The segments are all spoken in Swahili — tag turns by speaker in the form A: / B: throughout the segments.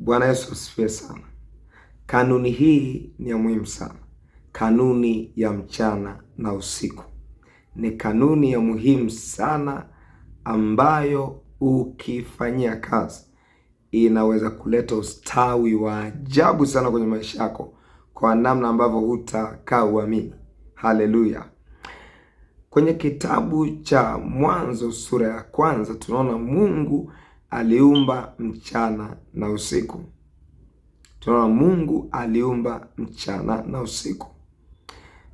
A: Bwana Yesu asifiwe sana. Kanuni hii ni ya muhimu sana. Kanuni ya mchana na usiku ni kanuni ya muhimu sana ambayo ukifanyia kazi inaweza kuleta ustawi wa ajabu sana kwenye maisha yako kwa namna ambavyo hutakaa uamini. Haleluya! Kwenye kitabu cha Mwanzo sura ya kwanza tunaona Mungu aliumba mchana na usiku. Tunaona Mungu aliumba mchana na usiku,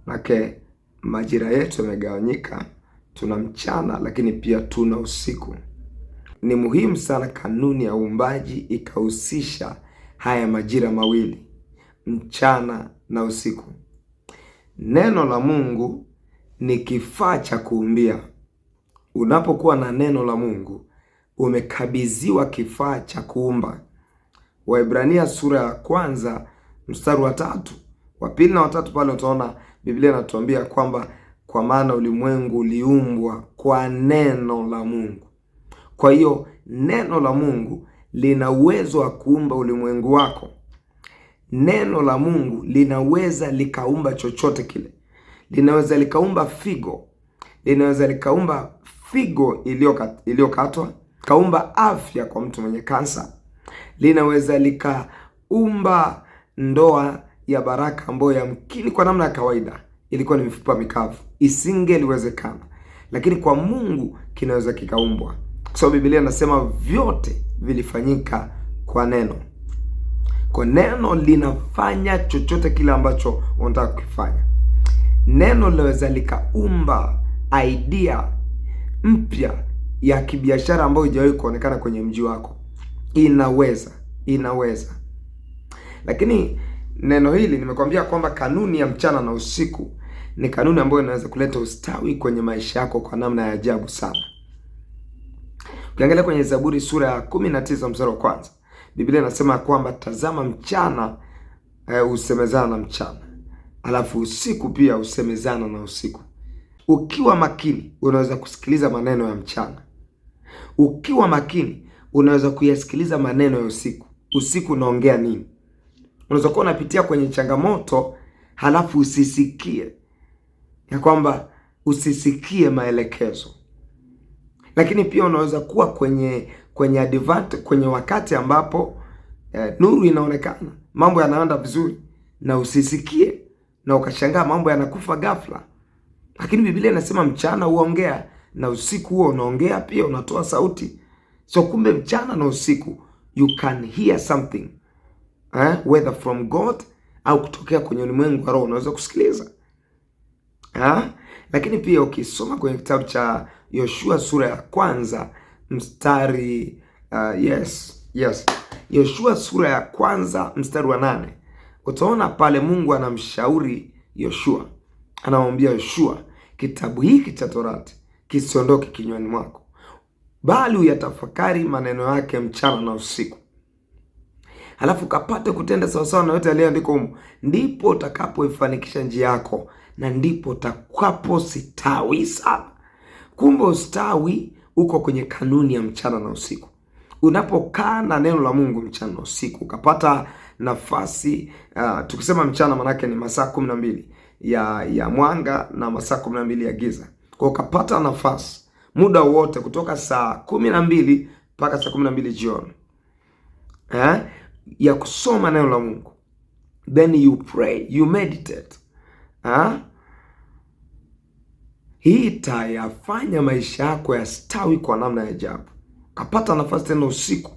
A: make majira yetu yamegawanyika. Tuna mchana lakini pia tuna usiku. Ni muhimu sana kanuni ya uumbaji ikahusisha haya majira mawili, mchana na usiku. Neno la Mungu ni kifaa cha kuumbia. Unapokuwa na neno la Mungu umekabidhiwa kifaa cha kuumba. Waebrania sura ya kwanza mstari wa tatu wa pili na watatu pale utaona Biblia inatuambia kwamba kwa maana ulimwengu uliumbwa kwa neno la Mungu. Kwa hiyo neno la Mungu lina uwezo wa kuumba ulimwengu wako. Neno la Mungu linaweza likaumba chochote kile, linaweza likaumba figo, linaweza likaumba figo iliyokatwa, likaumba afya kwa mtu mwenye kansa, linaweza likaumba ndoa ya baraka ambayo yamkini kwa namna ya kawaida ilikuwa ni mifupa mikavu, isingeliwezekana, lakini kwa Mungu kinaweza kikaumbwa, kwa sababu Biblia inasema vyote vilifanyika kwa neno. Kwa neno linafanya chochote kile ambacho unataka kukifanya. Neno linaweza likaumba idea mpya ya kibiashara ambayo haijawahi kuonekana kwenye mji wako. Inaweza, inaweza. Lakini neno hili nimekwambia kwamba kanuni ya mchana na usiku ni kanuni ambayo inaweza kuleta ustawi kwenye maisha yako kwa namna ya ajabu sana. Ukiangalia kwenye Zaburi sura ya kumi na tisa mstari wa kwanza Biblia inasema kwamba tazama, mchana husemezana eh, e, na mchana, alafu usiku pia husemezana na usiku. Ukiwa makini, unaweza kusikiliza maneno ya mchana. Ukiwa makini, unaweza kuyasikiliza maneno ya usiku. Usiku unaongea nini? Unaweza kuwa unapitia kwenye changamoto, halafu usisikie ya kwamba usisikie maelekezo. Lakini pia unaweza kuwa kwenye kwenye advent, kwenye wakati ambapo eh, nuru inaonekana, mambo yanaenda vizuri, na usisikie na ukashangaa mambo yanakufa ghafla. Lakini Biblia inasema mchana huongea na usiku huo unaongea pia, unatoa sauti. So kumbe mchana na usiku you can hear something eh? whether from God au kutokea kwenye ulimwengu wa roho unaweza kusikiliza eh? Lakini pia ukisoma okay, kwenye kitabu cha Yoshua sura ya kwanza mstari uh, yes yes, Yoshua sura ya kwanza mstari wa nane utaona pale Mungu anamshauri Yoshua, anamwambia Yoshua, kitabu hiki cha Torati kisiondoke kinywani mwako, bali uyatafakari maneno yake mchana na usiku, alafu kapate kutenda sawasawa na yote aliyoandika humo, ndipo utakapoifanikisha njia yako na ndipo utakapo sitawi sana. Kumbe ustawi uko kwenye kanuni ya mchana na usiku. Unapokaa na neno la Mungu mchana na usiku, ukapata nafasi uh, tukisema mchana manake ni masaa kumi na mbili ya ya mwanga na masaa kumi na mbili ya giza kwa ukapata nafasi muda wote kutoka saa kumi na mbili mpaka saa kumi na mbili jioni eh, ya kusoma neno la Mungu, then you pray, you meditate eh? Hii itayafanya maisha yako yastawi kwa namna ya ajabu. Ukapata nafasi tena usiku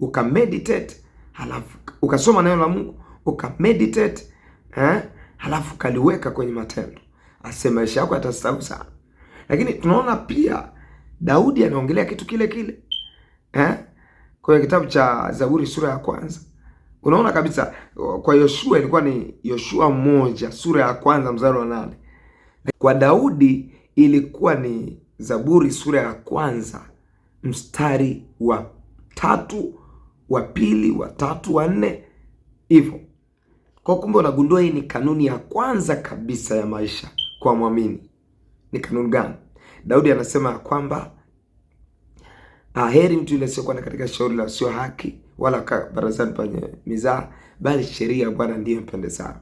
A: ukameditate, halafu ukasoma neno la Mungu ukameditate eh? Halafu ukaliweka kwenye matendo, asema maisha yako yatastawi sana. Lakini tunaona pia Daudi anaongelea kitu kile kile eh? kwenye kitabu cha Zaburi sura ya kwanza unaona kabisa kwa Yoshua ilikuwa ni Yoshua moja sura ya kwanza mstari wa nane. Kwa Daudi ilikuwa ni Zaburi sura ya kwanza mstari wa tatu wa pili wa tatu wa nne hivyo. Kwa kumbe unagundua hii ni kanuni ya kwanza kabisa ya maisha kwa mwamini. Ni kanuni gani? Daudi anasema ya kwamba ah, heri mtu yule na katika shauri la sio haki, wala barazani penye mizaa, bali sheria ya Bwana ndiyo mpendezayo,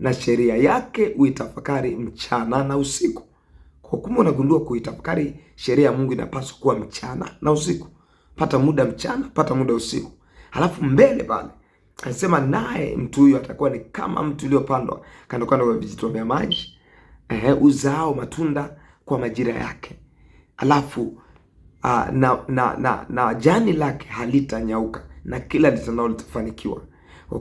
A: na sheria yake uitafakari mchana na usiku. Kwa kumbe, unagundua kuitafakari sheria ya Mungu inapaswa kuwa mchana na usiku. Pata muda mchana, pata muda usiku. Halafu mbele pale anasema, naye mtu huyo atakuwa ni kama mtu uliopandwa kando kando ya vijito vya maji eh, uzao matunda kwa majira yake, alafu uh, na, na, na, na jani lake halitanyauka na kila litanao litafanikiwa.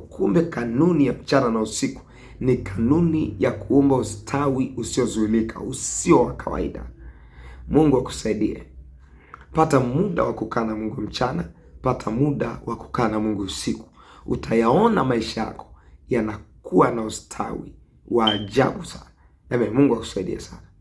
A: Kumbe kanuni ya mchana na usiku ni kanuni ya kuumba ustawi usiozuilika usio wa kawaida. Mungu akusaidie. Pata muda wa kukaa na Mungu mchana, pata muda wa kukaa na Mungu usiku. Utayaona maisha yako yanakuwa na ustawi wa ajabu sana. Mungu akusaidie sana.